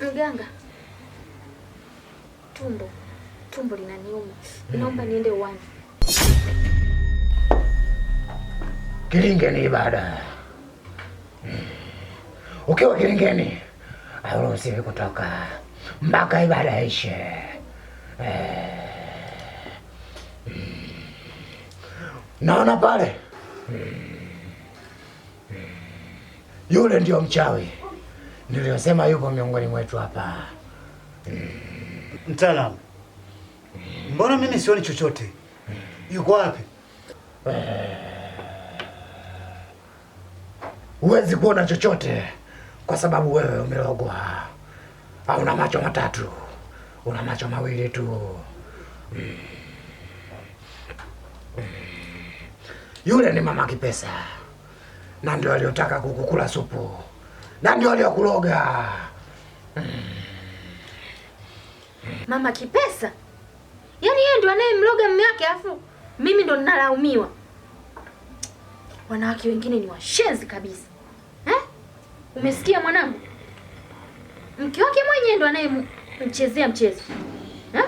Mganga, tumbo tumbo linaniuma, naomba mm. niende uwani. Kilingeni ibada mm. ukiwa kilingeni, auruhusiwi kutoka mpaka ibada ishe. Eh. Mm. Naona pale yule ndio mchawi niliyosema yupo miongoni mwetu hapa. Mm. Mtaalamu, mbona mimi sioni chochote? Yuko wapi? Eh, huwezi kuona chochote kwa sababu wewe umerogwa, au una macho matatu? Una macho mawili tu. Mm. Mm. Yule ni mama Kipesa, na ndio aliyotaka kukukula supu na ndio kuroga. mama Kipesa. Yaani yeye ndio anayemroga mume wake, afu mimi ndo ninalaumiwa. Wanawake wengine ni washenzi kabisa eh? Umesikia mwanangu, mke wake mwenyewe ndo anayemchezea mchezo eh?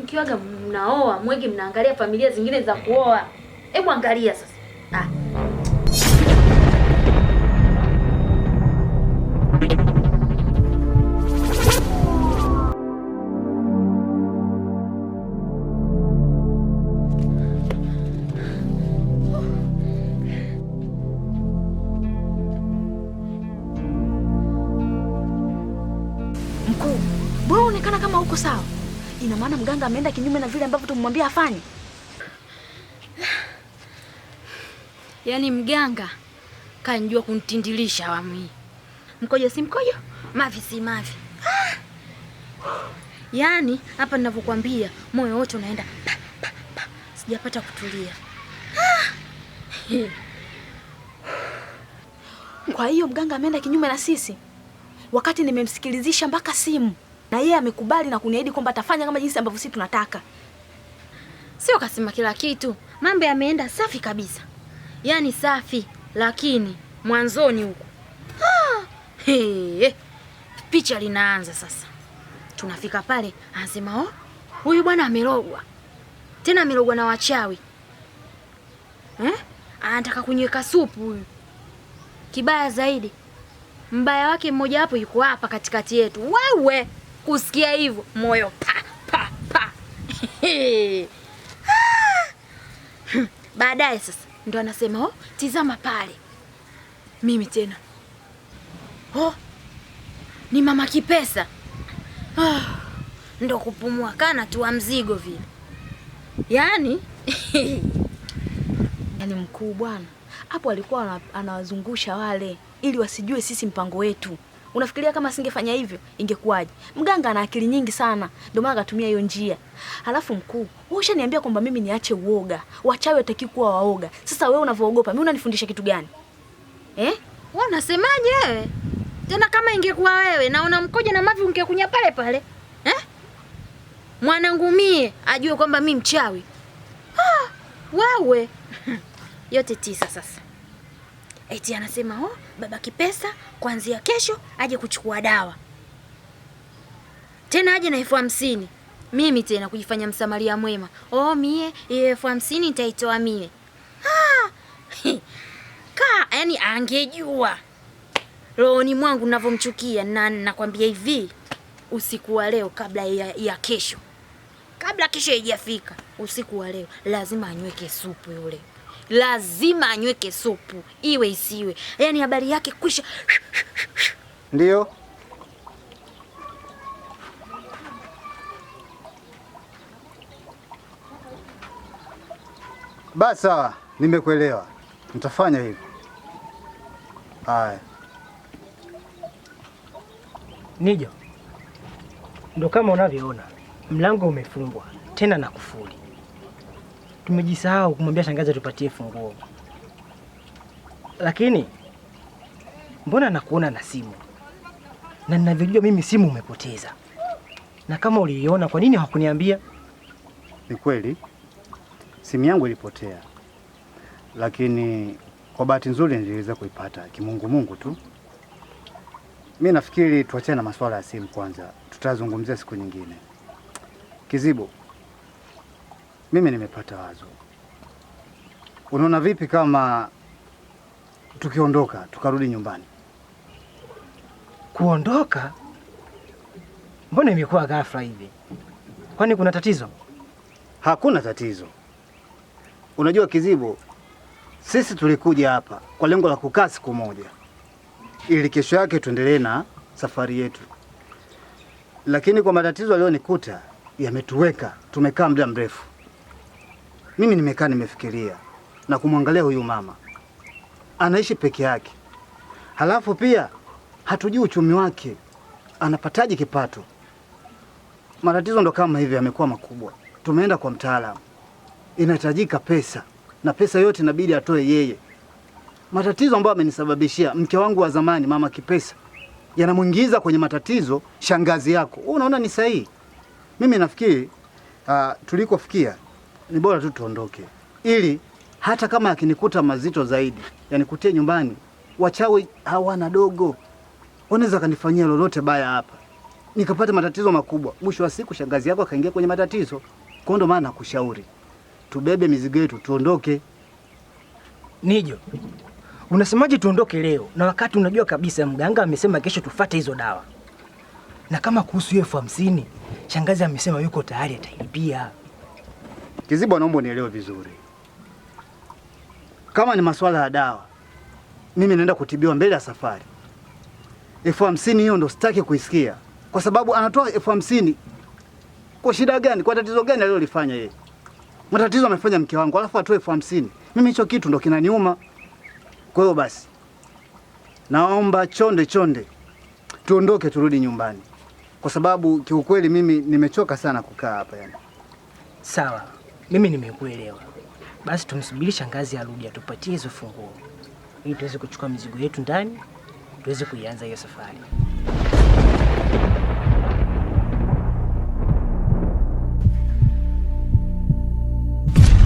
Mkiwaga mnaoa mwege, mnaangalia familia zingine za kuoa. Hebu angalia sasa Uko sawa? Ina maana mganga ameenda kinyume na vile ambavyo tumemwambia afanye. Yaani mganga kanjua kuntindilisha wami. Mkojo si mkojo, mavi si mavi. Ah. Yaani hapa ninavyokuambia moyo wote unaenda pa, pa, pa. Sijapata kutulia. Ah. Kwa hiyo mganga ameenda kinyume na sisi, wakati nimemsikilizisha mpaka simu na yeye amekubali na kuniahidi kwamba atafanya kama jinsi ambavyo sisi tunataka. Sio kasema kila kitu, mambo yameenda safi kabisa, yaani safi, lakini mwanzoni huko picha linaanza sasa. Tunafika pale anasema oh, huyu bwana amerogwa tena, amerogwa na wachawi eh? Anataka kunyweka supu huyu. Kibaya zaidi, mbaya wake mmoja wapo yuko hapa katikati yetu. Wewe kusikia hivyo moyo pa pa pa. Ah! Baadaye sasa ndo anasema oh, tizama pale, mimi tena oh, ni mama Kipesa. Oh, ndo kupumua kana tu wa mzigo vile yani. Yani mkuu bwana hapo alikuwa anawazungusha wale ili wasijue sisi mpango wetu. Unafikiria kama singefanya hivyo ingekuwaje? Mganga ana akili nyingi sana, ndio maana akatumia hiyo njia. Halafu mkuu, wewe ushaniambia kwamba mimi niache uoga, wachawi wataki kuwa waoga. Sasa wewe unavyoogopa, mimi unanifundisha kitu gani eh? Wewe unasemaje wewe tena? Kama ingekuwa wewe na mkoja na mavi, ungekunya pale pale eh? Mwanangu mie ajue kwamba mi mchawi. Ah, wewe yote tisa sasa eti anasema oh, baba Kipesa kuanzia kesho aje kuchukua dawa tena aje na elfu hamsini mimi tena kujifanya msamaria mwema. Oh, mie hiyo elfu hamsini nitaitoa mie. Ah, ka yani angejua rohoni mwangu navyomchukia, na nakwambia hivi, usiku wa leo kabla ya, ya kesho, kabla kesho haijafika, usiku wa leo lazima anyweke supu yule lazima anyweke supu iwe isiwe, yaani habari yake kwisha. ndio basi, sawa, nimekuelewa, nitafanya hivyo. Haya, Nijo, ndo kama unavyoona mlango umefungwa tena na kufuli tumejisahau kumwambia shangazi atupatie funguo, lakini mbona nakuona na simu na ninavyojua mimi simu umepoteza, na kama uliiona, kwa nini hakuniambia? Ni kweli simu yangu ilipotea, lakini kwa bahati nzuri niliweza kuipata kimungumungu tu. Mi nafikiri tuachane na masuala ya simu kwanza, tutazungumzia siku nyingine. Kizibo, mimi nimepata wazo. Unaona vipi kama tukiondoka tukarudi nyumbani? Kuondoka? Mbona imekuwa ghafla hivi? Kwani kuna tatizo? Hakuna tatizo. Unajua Kizibo, sisi tulikuja hapa kwa lengo la kukaa siku moja, ili kesho yake tuendelee na safari yetu, lakini kwa matatizo yaliyonikuta yametuweka tumekaa muda mrefu. Mimi nimekaa nimefikiria na kumwangalia huyu mama anaishi peke yake, halafu pia hatujui uchumi wake, anapataje kipato? Matatizo ndo kama hivi yamekuwa makubwa. Tumeenda kwa mtaalamu, inahitajika pesa na pesa yote inabidi atoe yeye. Matatizo ambayo amenisababishia mke wangu wa zamani, mama Kipesa, yanamwingiza kwenye matatizo shangazi yako. Unaona ni sahihi? Mimi nafikiri uh, tulikofikia ni bora tu tuondoke, ili hata kama akinikuta mazito zaidi yanikutie nyumbani. Wachawi hawana dogo, wanaweza kanifanyia lolote baya hapa, nikapata matatizo makubwa. Mwisho wa siku shangazi yako akaingia kwenye matatizo. Kwa ndo maana nakushauri tubebe mizigo yetu tuondoke. Nijo, unasemaje? Tuondoke leo na wakati unajua kabisa mganga amesema kesho tufate hizo dawa, na kama kuhusu elfu hamsini shangazi amesema yuko tayari atailipia. Kiziba, naomba unielewe vizuri. Kama ni masuala ya dawa, mimi naenda kutibiwa mbele ya safari. elfu hamsini hiyo ndo sitaki kuisikia, kwa sababu anatoa elfu hamsini kwa shida gani? Kwa tatizo gani alilolifanya yeye? Matatizo amefanya mke wangu, alafu atoe elfu hamsini. Mimi hicho kitu ndo kinaniuma. Kwa hiyo basi, naomba chonde chonde tuondoke, turudi nyumbani, kwa sababu kiukweli mimi nimechoka sana kukaa hapa yani. Sawa. Mimi nimekuelewa. Basi tumsubiri shangazi arudi atupatie hizo funguo ili tuweze kuchukua mizigo yetu ndani, tuweze kuianza hiyo safari.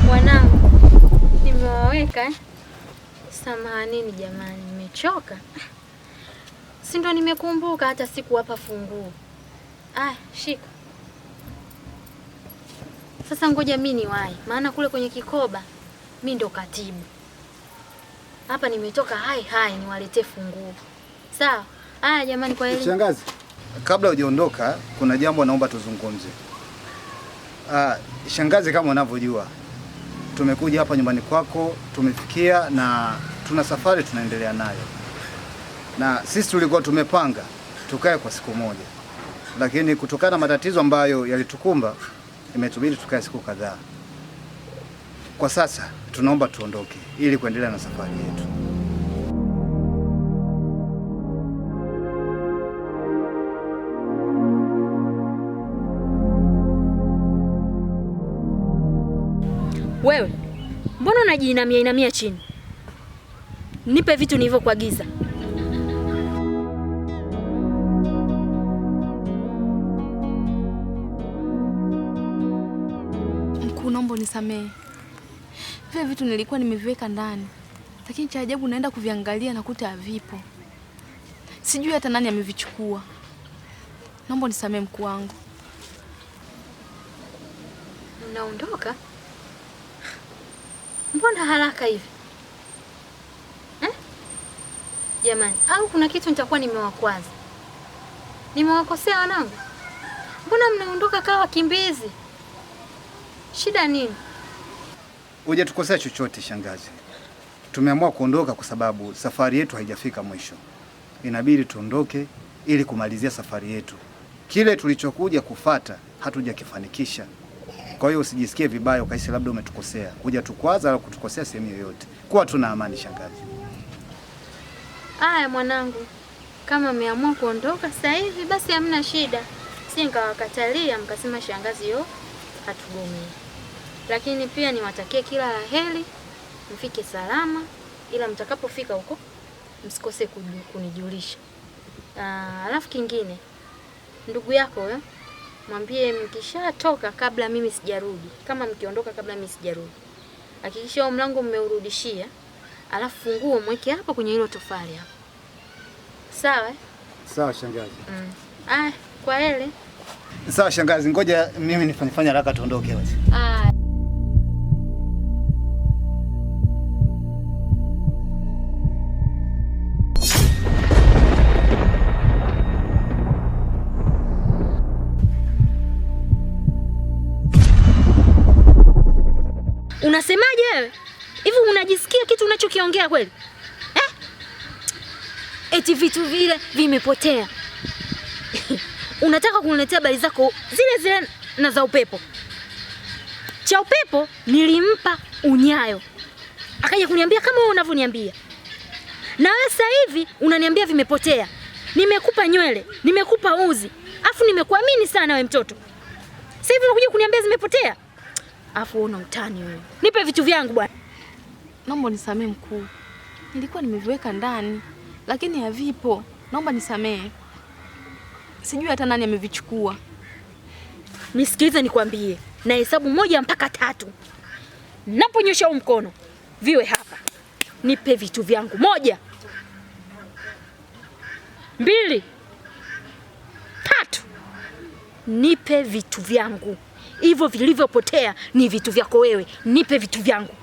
Mwanangu nimewaweka eh? Samahanini jamani, nimechoka si ndo, nimekumbuka hata sikuwapa funguo. Ah, shika sasa ngoja mi niwahi, maana kule kwenye kikoba mi ndo katibu hapa, nimetoka hai hai niwaletee funguo. Sawa. Aya jamani, kwa heri. Shangazi, kabla hujaondoka, kuna jambo naomba tuzungumze. Ah, shangazi, kama unavyojua tumekuja hapa nyumbani kwako, tumefikia na tuna safari tunaendelea nayo, na sisi tulikuwa tumepanga tukae kwa siku moja, lakini kutokana na matatizo ambayo yalitukumba imetubidi tukae siku kadhaa. Kwa sasa tunaomba tuondoke ili kuendelea na safari yetu. Wewe mbona unajiinamia inamia chini? Nipe vitu nilivyokuagiza. unisamehe. Vile vitu nilikuwa nimeviweka ndani, lakini cha ajabu naenda kuviangalia nakuta havipo. Sijui hata nani amevichukua. Naomba unisamehe mkuu wangu. Unaondoka? Mbona haraka hivi eh? jamani eh? Au kuna kitu nitakuwa nimewakwaza, nimewakosea wanangu? Mbona mnaondoka kama wakimbizi? Shida nini? Hujatukosea chochote shangazi. Tumeamua kuondoka kwa sababu safari yetu haijafika mwisho. Inabidi tuondoke ili kumalizia safari yetu. Kile tulichokuja kufata hatujakifanikisha. Kwa hiyo usijisikie vibaya ukaisi labda umetukosea. Kuja tukwaza au kutukosea sehemu yoyote. Kuwa tuna amani shangazi. Aya mwanangu, kama mmeamua kuondoka sasa hivi basi hamna shida. Si nikawakatalia mkasema shangazi yo akatugomee, lakini pia niwatakie kila laheri, mfike salama, ila mtakapofika huko msikose kunijulisha. Ah, alafu kingine, ndugu yako we, eh, mwambie mkishatoka, kabla mimi sijarudi, kama mkiondoka kabla mimi sijarudi, hakikisha huo mlango mmeurudishia, alafu funguo mweke hapo kwenye hilo tofali hapo. Sawa eh? sawa, shangazi. Mm. Ah, kwa heri. Sawa shangazi, ngoja mimi nifanyefanya haraka tuondoke basi. Unasemaje wewe? Hivi unajisikia kitu unachokiongea kweli eh? Eti vitu vile vimepotea unataka kuniletea habari zako zile zile na za upepo. Cha upepo nilimpa unyayo, akaja kuniambia kama wewe unavyoniambia, na wewe sasa hivi unaniambia vimepotea. Nimekupa nywele, nimekupa uzi, afu nimekuamini sana we mtoto. Sasa hivi unakuja kuniambia zimepotea, afu una utani wewe. Nipe vitu vyangu bwana. Naomba nisamee mkuu, nilikuwa nimeviweka ndani, lakini havipo. Naomba nisamee sijui hata nani amevichukua. Nisikilize nikwambie, na hesabu moja mpaka tatu, naponyosha huu mkono viwe hapa, nipe vitu vyangu. Moja, mbili, tatu, nipe vitu vyangu. Hivyo vilivyopotea ni vitu vyako wewe, nipe vitu vyangu.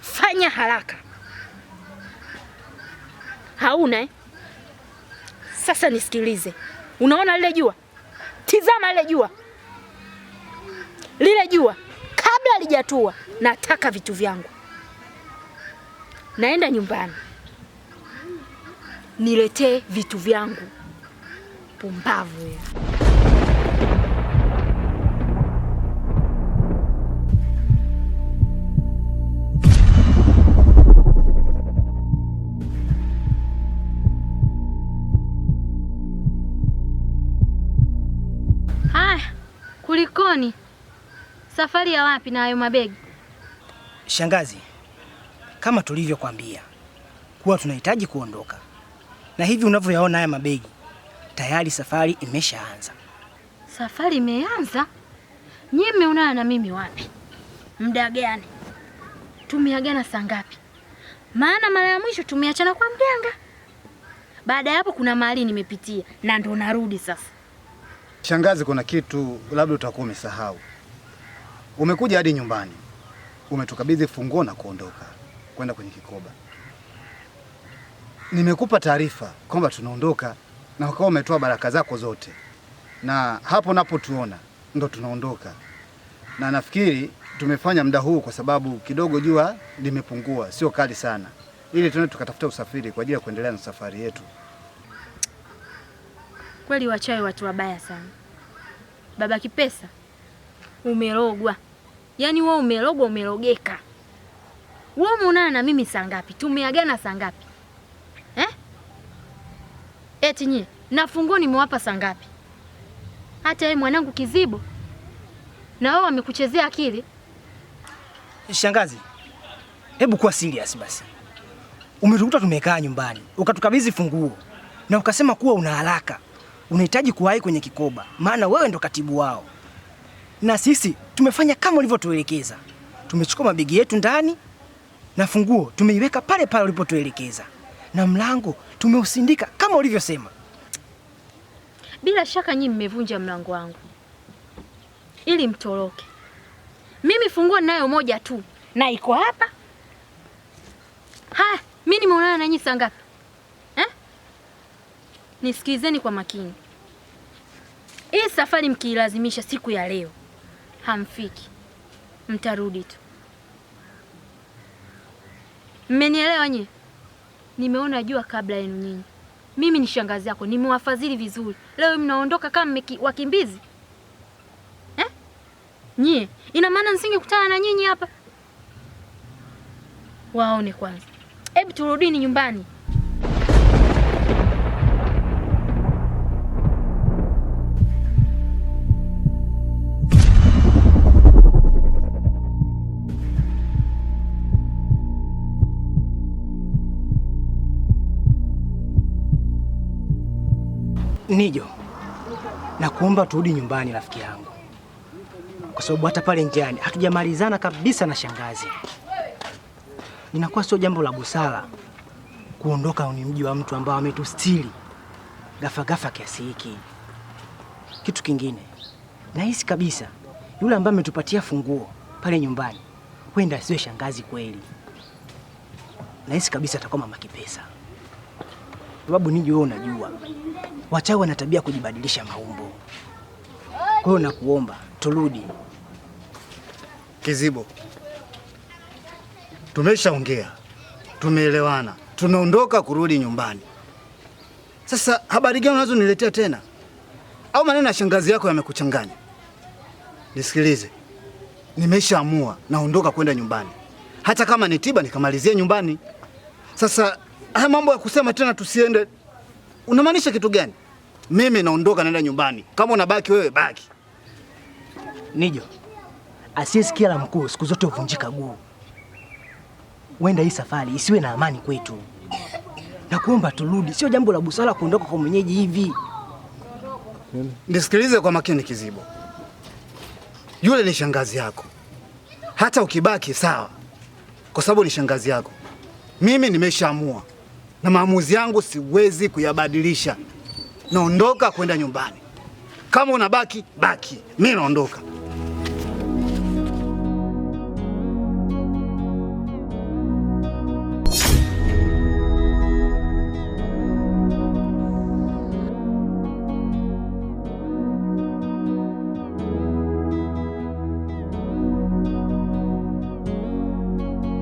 Fanya haraka. Hauna eh? Sasa nisikilize. Unaona lile jua, tizama lile jua, lile jua kabla lijatua. Nataka vitu vyangu, naenda nyumbani niletee vitu vyangu. Pumbavu. Kulikoni? Safari ya wapi na hayo mabegi? Shangazi, kama tulivyokwambia kuwa tunahitaji kuondoka, na hivi unavyoyaona haya mabegi tayari safari imeshaanza. Safari imeanza? Nyie mmeonana na mimi wapi? Muda gani? Tumeagana saa ngapi? Maana mara ya mwisho tumeachana kwa mganga. Baada ya hapo kuna mahali nimepitia na ndo narudi sasa. Shangazi, kuna kitu labda utakuwa umesahau. Umekuja hadi nyumbani, umetukabidhi funguo na kuondoka kwenda kwenye kikoba. Nimekupa taarifa kwamba tunaondoka, na ukawa umetoa baraka zako zote, na hapo napotuona ndo tunaondoka, na nafikiri tumefanya muda huu kwa sababu kidogo jua limepungua, sio kali sana, ili tuende tukatafuta usafiri kwa ajili ya kuendelea na safari yetu. Kweli wachawi watu wabaya sana. Baba Kipesa, umerogwa yaani, wewe umerogwa, umerogeka. Wewe umeonana na mimi saa ngapi? Tumeagana saa ngapi eh? Eti nyie na funguo nimewapa saa ngapi? Hata yeye mwanangu Kizibo, na wewe wamekuchezea akili. Shangazi, hebu kuwa serious basi. Umetukuta tumekaa nyumbani, ukatukabidhi funguo na ukasema kuwa una haraka unahitaji kuwahi kwenye kikoba, maana wewe ndo katibu wao, na sisi tumefanya kama ulivyotuelekeza. Tumechukua mabegi yetu ndani na funguo tumeiweka pale pale ulipotuelekeza, na mlango tumeusindika kama ulivyosema. Bila shaka nyinyi mmevunja mlango wangu ili mtoroke. Mimi funguo ninayo moja tu na iko hapa. Haya, mimi nimeonana na nyinyi saa ngapi? Eh? Nisikilizeni kwa makini. Hii safari mkiilazimisha siku ya leo hamfiki, mtarudi tu. Mmenielewa nyie? Nimeona jua kabla yenu nyinyi. Mimi ni shangazi yako, nimewafadhili vizuri. Leo mnaondoka kama wakimbizi eh? Nyie ina maana nisingekutana na nyinyi hapa? Waone kwanza, hebu turudini nyumbani. Nijo, nakuomba turudi nyumbani rafiki yangu, kwa sababu hata pale njiani hatujamalizana kabisa na shangazi. Ninakuwa sio jambo la busara kuondoka ni mji wa mtu ambao ametustiri gafagafa kiasi hiki. Kitu kingine nahisi kabisa yule ambaye ametupatia funguo pale nyumbani, huenda asiwe shangazi kweli. Nahisi kabisa atakuwa mama Kipesa sababu niji wewe unajua wachawi wana tabia kujibadilisha maumbo. Kwa hiyo nakuomba turudi. Kizibo, tumeshaongea, tumeelewana, tunaondoka kurudi nyumbani. Sasa habari gani unazoniletea tena? Au maneno ya shangazi yako yamekuchanganya? Nisikilize, nimeshaamua naondoka kwenda nyumbani, hata kama ni tiba nikamalizie nyumbani. Sasa Haya mambo ya kusema tena tusiende, unamaanisha kitu gani? Mimi naondoka naenda nyumbani, kama unabaki wewe baki. Nijo asiyesikia la mkuu siku zote huvunjika guu. Wenda hii safari isiwe na amani kwetu, na kuomba turudi. Sio jambo la busara kuondoka kwa mwenyeji hivi. Nisikilize kwa makini, Kizibo, yule ni shangazi yako. Hata ukibaki sawa, kwa sababu ni shangazi yako. Mimi nimeshaamua na maamuzi yangu siwezi kuyabadilisha. Naondoka kwenda nyumbani. Kama unabaki baki, mi naondoka.